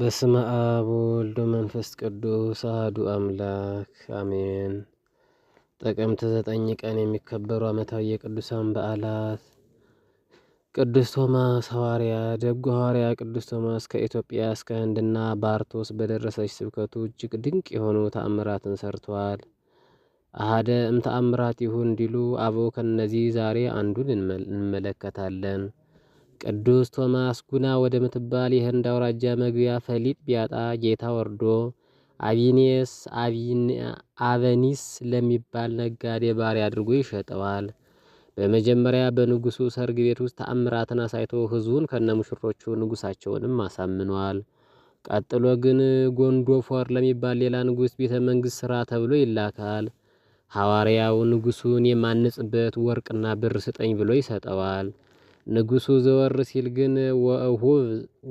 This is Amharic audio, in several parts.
በስመ አብ ወወልድ ወመንፈስ ቅዱስ አህዱ አምላክ አሜን። ጥቅምት ዘጠኝ ቀን የሚከበሩ ዓመታዊ የቅዱሳን በዓላት ቅዱስ ቶማስ ሐዋርያ። ደጉ ሐዋርያ ቅዱስ ቶማስ ከኢትዮጵያ እስከ ህንድና ባርቶስ በደረሰች ስብከቱ እጅግ ድንቅ የሆኑ ተአምራትን ሰርተዋል። አሃደ እምተአምራት ይሁን እንዲሉ አበው ከነዚህ ዛሬ አንዱን እንመለከታለን። ቅዱስ ቶማስ ጉና ወደምትባል የህንድ አውራጃ መግቢያ ፈሊጥ ቢያጣ ጌታ ወርዶ አቢኒስ አቨኒስ ለሚባል ነጋዴ ባሪያ አድርጎ ይሸጠዋል። በመጀመሪያ በንጉሱ ሰርግ ቤት ውስጥ ተአምራትን አሳይቶ ህዝቡን ከነሙሽሮቹ ንጉሳቸውንም አሳምኗል። ቀጥሎ ግን ጎንዶፎር ለሚባል ሌላ ንጉስ ቤተ መንግስት ስራ ተብሎ ይላካል። ሐዋርያው ንጉሱን የማንጽበት ወርቅና ብር ስጠኝ ብሎ ይሰጠዋል። ንጉሱ ዘወር ሲል ግን ወእሁብ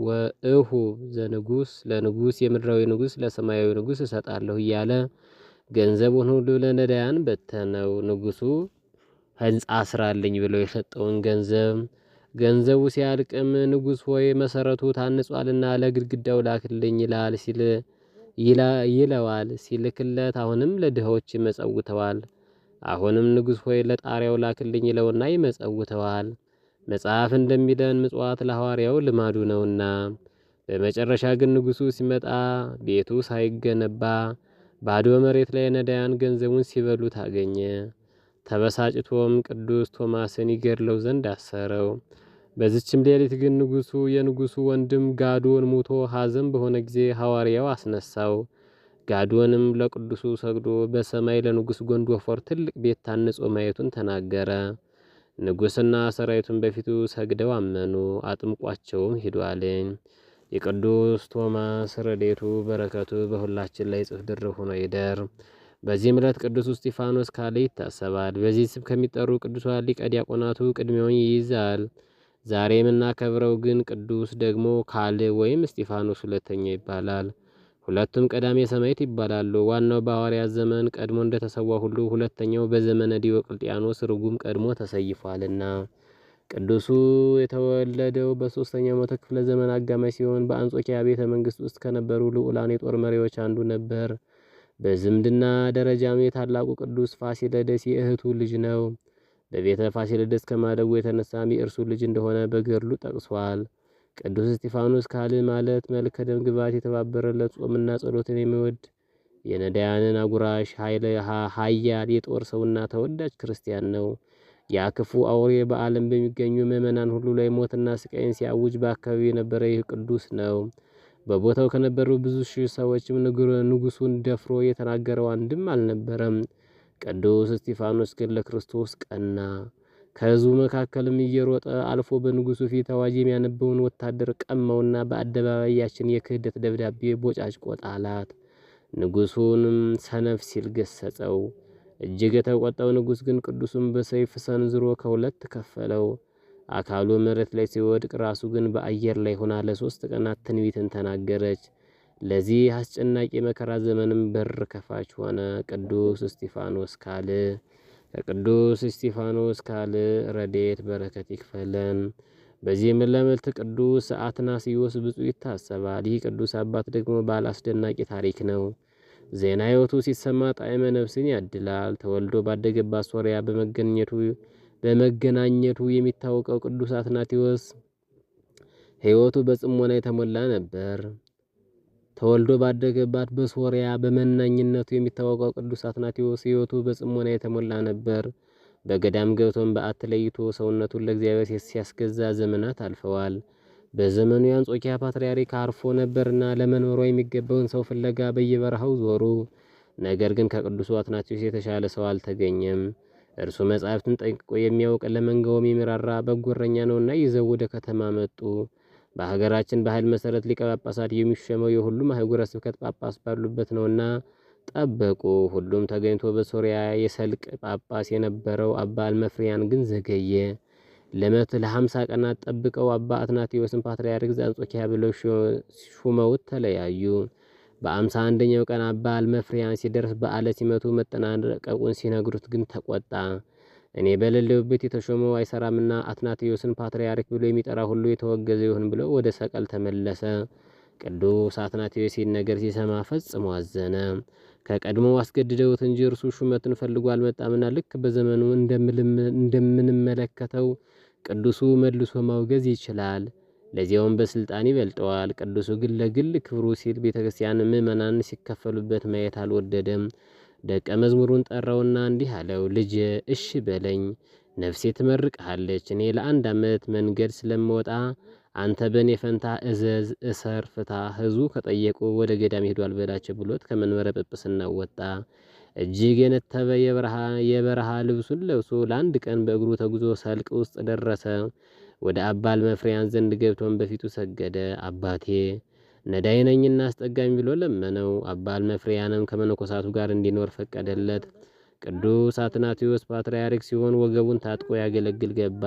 ወእሁብ ዘንጉስ ለንጉስ የምድራዊ ንጉስ ለሰማያዊ ንጉስ እሰጣለሁ እያለ ገንዘቡን ሁሉ ለነዳያን በተነው። ንጉሱ ህንፃ ስራልኝ ብሎ የሰጠውን ገንዘብ ገንዘቡ ሲያልቅም ንጉስ ሆይ መሰረቱ ታንጿልና ለግድግዳው ላክልኝ ይላል ሲል ይለዋል ሲልክለት አሁንም ለድሆች ይመጸውተዋል። አሁንም ንጉሥ ሆይ ለጣሪያው ላክልኝ ይለውና ይመጸውተዋል። መጽሐፍ እንደሚለን ምጽዋት ለሐዋርያው ልማዱ ነውና። በመጨረሻ ግን ንጉሡ ሲመጣ ቤቱ ሳይገነባ ባዶ መሬት ላይ ነዳያን ገንዘቡን ሲበሉት አገኘ። ተበሳጭቶም ቅዱስ ቶማስን ይገድለው ዘንድ አሰረው። በዚችም ሌሊት ግን ንጉሡ የንጉሡ ወንድም ጋዶን ሙቶ ሐዘን በሆነ ጊዜ ሐዋርያው አስነሳው። ጋዶንም ለቅዱሱ ሰግዶ በሰማይ ለንጉሥ ጎንዶፎር ትልቅ ቤት ታንጾ ማየቱን ተናገረ። ንጉሥና ሰራዊቱን በፊቱ ሰግደው አመኑ፣ አጥምቋቸውም ሂዷልኝ። የቅዱስ ቶማስ ረዴቱ በረከቱ በሁላችን ላይ ጽፍ ድርብ ሆኖ ይደር። በዚህም ዕለት ቅዱስ እስጢፋኖስ ካለ ይታሰባል። በዚህ ስም ከሚጠሩ ቅዱሳን ሊቀ ዲያቆናቱ ቅድሚያውን ይይዛል። ዛሬ የምናከብረው ግን ቅዱስ ደግሞ ካል ወይም እስጢፋኖስ ሁለተኛው ይባላል። ሁለቱም ቀዳሜ ሰማዕት ይባላሉ። ዋናው በሐዋርያት ዘመን ቀድሞ እንደተሰዋ ሁሉ ሁለተኛው በዘመነ ዲዮቅልጥያኖስ ርጉም ቀድሞ ተሰይፏልና። ቅዱሱ የተወለደው በሶስተኛው መቶ ክፍለ ዘመን አጋማሽ ሲሆን በአንጾኪያ ቤተ መንግስት ውስጥ ከነበሩ ልዑላን የጦር መሪዎች አንዱ ነበር። በዝምድና ደረጃም የታላቁ ቅዱስ ፋሲለደስ የእህቱ ልጅ ነው። በቤተ ፋሲለደስ ከማደጉ የተነሳም የእርሱ ልጅ እንደሆነ በገድሉ ጠቅሷል። ቅዱስ እስጢፋኖስ ካልዕ ማለት መልከ ደምግባት የተባበረለት ጾምና ጸሎትን የሚወድ የነዳያንን አጉራሽ ኃያል የጦር ሰውና ተወዳጅ ክርስቲያን ነው። ያ ክፉ አውሬ በዓለም በሚገኙ ምዕመናን ሁሉ ላይ ሞትና ስቃይን ሲያውጅ በአካባቢው የነበረ ይህ ቅዱስ ነው። በቦታው ከነበሩ ብዙ ሺህ ሰዎችም ንጉሱን ደፍሮ የተናገረው አንድም አልነበረም። ቅዱስ እስጢፋኖስ ግን ለክርስቶስ ቀና። ከህዝቡ መካከልም እየሮጠ አልፎ በንጉሱ ፊት አዋጅ የሚያነበውን ወታደር ቀማውና በአደባባይ ያችን የክህደት ደብዳቤ ቦጫጭ ቆጣላት ንጉሱንም ሰነፍ ሲል ገሰጸው። እጅግ የተቆጣው ንጉሥ ግን ቅዱሱን በሰይፍ ሰንዝሮ ከሁለት ከፈለው። አካሉ መሬት ላይ ሲወድቅ፣ ራሱ ግን በአየር ላይ ሆና ለሶስት ቀናት ትንቢትን ተናገረች። ለዚህ አስጨናቂ መከራ ዘመንም በር ከፋች ሆነ። ቅዱስ እስጢፋኖስ ካል ከቅዱስ እስጢፋኖስ ካል ረዴት በረከት ይክፈለን። በዚህ መልእክት ቅዱስ አትናስዮስ ብፁዕ ይታሰባል። ይህ ቅዱስ አባት ደግሞ ባለ አስደናቂ ታሪክ ነው። ዜና ሕይወቱ ሲሰማ ጣዕመ ነፍስን ያድላል። ተወልዶ ባደገባት ሶሪያ በመገናኘቱ የሚታወቀው ቅዱስ አትናቴዎስ ሕይወቱ በጽሞና የተሞላ ነበር። ተወልዶ ባደገባት በሶሪያ በመናኝነቱ የሚታወቀው ቅዱስ አትናቴዎስ ሕይወቱ በጽሞና የተሞላ ነበር። በገዳም ገብቶን በዓት ለይቶ ሰውነቱን ለእግዚአብሔር ሲያስገዛ ዘመናት አልፈዋል። በዘመኑ የአንጾኪያ ፓትርያርክ አርፎ ነበርና ለመኖሯ የሚገባውን ሰው ፍለጋ በየበረሃው ዞሩ። ነገር ግን ከቅዱሱ አትናቴዎስ የተሻለ ሰው አልተገኘም። እርሱ መጻሕፍትን ጠንቅቆ የሚያውቅ ለመንጋውም የሚራራ በጎረኛ ነውና ይዘው ወደ ከተማ መጡ። በሀገራችን ባህል መሰረት ሊቀ ጳጳሳት የሚሸመው የሁሉም አህጉረ ስብከት ጳጳስ ባሉበት ነውና ጠበቁ። ሁሉም ተገኝቶ በሶሪያ የሰልቅ ጳጳስ የነበረው አባ አልመፍሪያን ግን ዘገየ። ለመት ለሀምሳ ቀናት ጠብቀው አባ አትናቴዎስን ፓትርያርክ ዘአንጾኪያ ብለው ሹመውት ተለያዩ። በአምሳ አንደኛው ቀን አባ አልመፍሪያን ሲደርስ በዓለ ሲመቱ መጠናቀቁን ሲነግሩት ግን ተቆጣ። እኔ በሌለሁበት የተሾመው አይሰራምና አትናቴዎስን ፓትርያርክ ብሎ የሚጠራ ሁሉ የተወገዘ ይሁን ብሎ ወደ ሰቀል ተመለሰ። ቅዱስ አትናቴዎስ ይህን ነገር ሲሰማ ፈጽሞ አዘነ። ከቀድሞ አስገድደውት እንጂ እርሱ ሹመትን ፈልጎ አልመጣምና ልክ በዘመኑ እንደምንመለከተው ቅዱሱ መልሶ ማውገዝ ይችላል። ለዚያውም በስልጣን ይበልጠዋል። ቅዱሱ ግን ለግል ክብሩ ሲል ቤተ ክርስቲያን ምዕመናን ሲከፈሉበት ማየት አልወደደም። ደቀ መዝሙሩን ጠራውና እንዲህ አለው፣ ልጄ እሺ በለኝ ነፍሴ ትመርቅሃለች። እኔ ለአንድ ዓመት መንገድ ስለምወጣ አንተ በእኔ ፈንታ እዘዝ፣ እሰር፣ ፍታ። ህዝቡ ከጠየቁ ወደ ገዳም ሄዷል በላቸው ብሎት ከመንበረ ጵጵስና ወጣ። እጅግ የነተበ የበረሃ ልብሱን ለብሶ ለአንድ ቀን በእግሩ ተጉዞ ሰልቅ ውስጥ ደረሰ። ወደ አባል መፍሪያን ዘንድ ገብቶን በፊቱ ሰገደ። አባቴ ነዳይ ነኝና አስጠጋኝ ብሎ ለመነው። አባ መፍሪያንም ከመነኮሳቱ ጋር እንዲኖር ፈቀደለት። ቅዱስ አትናቴዎስ ፓትርያርክ ሲሆን ወገቡን ታጥቆ ያገለግል ገባ።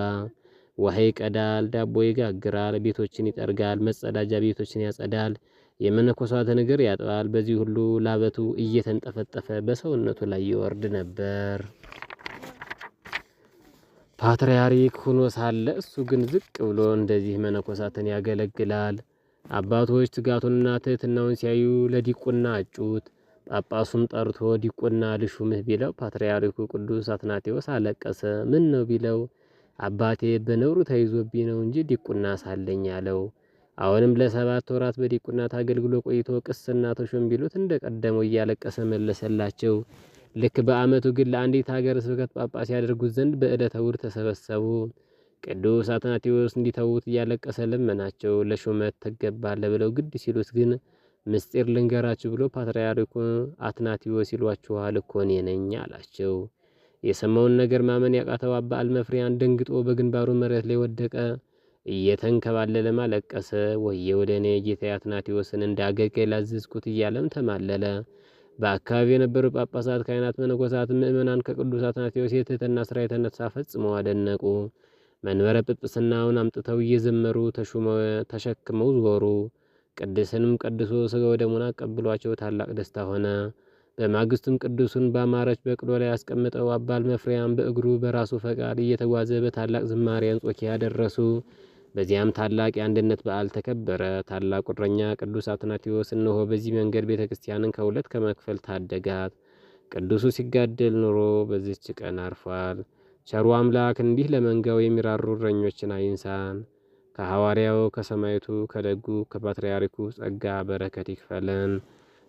ውሃ ይቀዳል፣ ዳቦ ይጋግራል፣ ቤቶችን ይጠርጋል፣ መጸዳጃ ቤቶችን ያጸዳል፣ የመነኮሳትን እግር ያጥባል። በዚህ ሁሉ ላበቱ እየተንጠፈጠፈ በሰውነቱ ላይ ይወርድ ነበር። ፓትርያርክ ሁኖ ሳለ እሱ ግን ዝቅ ብሎ እንደዚህ መነኮሳትን ያገለግላል። አባቶች ትጋቱንና ትህትናውን ሲያዩ ለዲቁና አጩት። ጳጳሱም ጠርቶ ዲቁና ልሹምህ ቢለው ፓትርያርኩ ቅዱስ አትናቴዎስ አለቀሰ። ምን ነው ቢለው አባቴ በነውሩ ተይዞብኝ ነው እንጂ ዲቁና ሳለኝ አለው። አሁንም ለሰባት ወራት በዲቁና አገልግሎ ቆይቶ ቅስና ተሾም ቢሉት እንደ ቀደመው እያለቀሰ መለሰላቸው። ልክ በዓመቱ ግን ለአንዲት ሀገር ስብከት ጳጳስ ያደርጉት ዘንድ በዕለተ ተሰበሰቡ። ቅዱስ አትናቴዎስ እንዲተዉት እያለቀሰ ለመናቸው። ለሹመት ትገባለህ ብለው ግድ ሲሉት ግን ምስጢር ልንገራችሁ ብሎ ፓትርያርኩ አትናቴዎስ ይሏችኋል እኮ እኔ ነኝ አላቸው። የሰማውን ነገር ማመን ያቃተው አባ አልመፍሪያን ደንግጦ በግንባሩ መሬት ላይ ወደቀ። እየተንከባለለ ማለቀሰ ወየ ወደ እኔ ጌታ አትናቴዎስን እንዳገቀ ላዘዝኩት እያለም ተማለለ። በአካባቢ የነበሩ ጳጳሳት፣ ካህናት፣ መነኮሳት፣ ምእመናን ከቅዱስ አትናቴዎስ የትህትና ስራ የተነሳ ፈጽመው አደነቁ። መንበረ ጵጵስናውን አምጥተው እየዘመሩ ተሸክመው ዞሩ። ቅዱስንም ቀድሶ ወደ ወደሙን አቀብሏቸው ታላቅ ደስታ ሆነ። በማግስቱም ቅዱሱን በአማረች በቅሎ ላይ ያስቀምጠው አባል መፍሪያም በእግሩ በራሱ ፈቃድ እየተጓዘ በታላቅ ዝማሬ አንጾኪያ ደረሱ። በዚያም ታላቅ የአንድነት በዓል ተከበረ። ታላቁ እረኛ ቅዱስ አትናቴዎስ እነሆ በዚህ መንገድ ቤተ ክርስቲያንን ከሁለት ከመክፈል ታደጋት። ቅዱሱ ሲጋደል ኑሮ በዚች ቀን አርፏል። ቸሩ አምላክ እንዲህ ለመንጋው የሚራሩ እረኞችን አይንሳን። ከሐዋርያው ከሰማይቱ ከደጉ ከፓትርያርኩ ጸጋ በረከት ይክፈለን።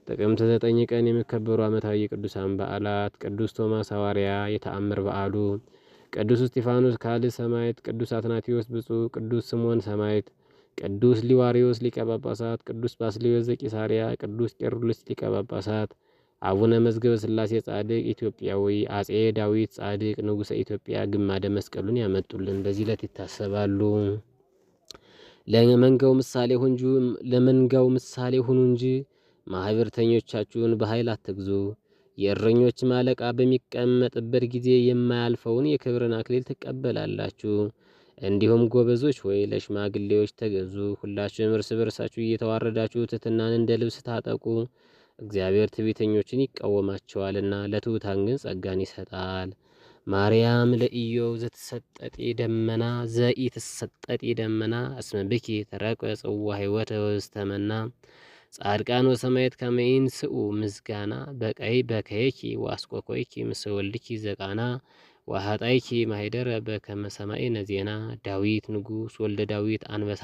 ጥቅምት ዘጠኝ ቀን የሚከበሩ ዓመታዊ የቅዱሳን በዓላት ቅዱስ ቶማስ ሐዋርያ የተአምር በዓሉ፣ ቅዱስ እስጢፋኖስ ካልዕ ሰማዕት፣ ቅዱስ አትናቴዎስ ብፁዕ፣ ቅዱስ ስምዖን ሰማዕት፣ ቅዱስ ሊዋሪዮስ ሊቀ ጳጳሳት፣ ቅዱስ ባስልዮስ ዘቂሳርያ፣ ቅዱስ ቄርሎስ ሊቀ ጳጳሳት አቡነ መዝገበ ስላሴ ጻድቅ ኢትዮጵያዊ፣ አጼ ዳዊት ጻድቅ ንጉሰ ኢትዮጵያ ግማደ መስቀሉን ያመጡልን በዚህ ዕለት ይታሰባሉ። ለመንጋው ምሳሌ ሁንጁ ለመንጋው ምሳሌ ሁኑ እንጂ ማህበርተኞቻችሁን በኃይል አትግዙ። የእረኞች ማለቃ በሚቀመጥበት ጊዜ የማያልፈውን የክብርን አክሊል ትቀበላላችሁ። እንዲሁም ጎበዞች ሆይ ለሽማግሌዎች ተገዙ። ሁላችሁም እርስ በርሳችሁ እየተዋረዳችሁ ትሕትናን እንደ ልብስ ታጠቁ። እግዚአብሔር ትዕቢተኞችን ይቃወማቸዋልና ለትሑታን ግን ጸጋን ይሰጣል። ማርያም ለኢዮብ ዘትሰጠጢ ደመና ዘኢ ትሰጠጢ ደመና እስመ ብኪ ተረቆ ጽዋ ሕይወተ ውስተ ጻድቃን ወሰማየት ከመይን ስኡ ምስጋና በቀይ በከየኪ ወአስቆቆይኪ ምስወልድኪ ዘቃና ወሃጣይኪ ማሄደረ በከመ ሰማዕነ ዜና ዳዊት ንጉስ ወልደ ዳዊት አንበሳ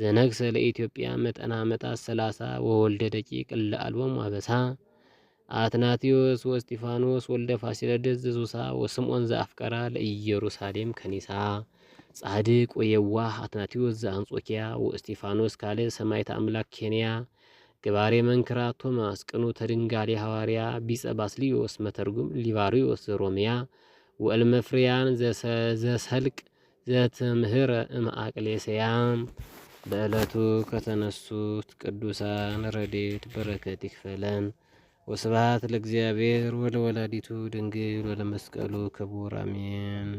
ዘነግሰ ለኢትዮጵያ መጠና መጣ ሰላሳ ወወልደ ደቂቅ እለአልቦሙ አበሳ አትናቴዎስ ወእስጢፋኖስ ወልደ ፋሲለደስ ዘዙሳ ወስምዖን ዘአፍቀራ ለኢየሩሳሌም ከኒሳ ጻድቅ ወየዋህ አትናቴዎስ ዘአንጾኪያ ወእስጢፋኖስ ካለ ሰማይት አምላክ ኬንያ ገባሬ መንክራ ቶማስ ቅኑ ተድንጋሌ ሐዋርያ ቢጸ ባስልዮስ መተርጉም ሊባሪዮስ ዘሮሚያ ወእልመፍርያን ዘሰልቅ ዘትምህረ እምአቅሌስያም በዕለቱ ከተነሱት ቅዱሳን ረዴት በረከት ይክፈለን። ወስብሐት ለእግዚአብሔር ወለወላዲቱ ድንግል ወለመስቀሉ ክቡር አሜን።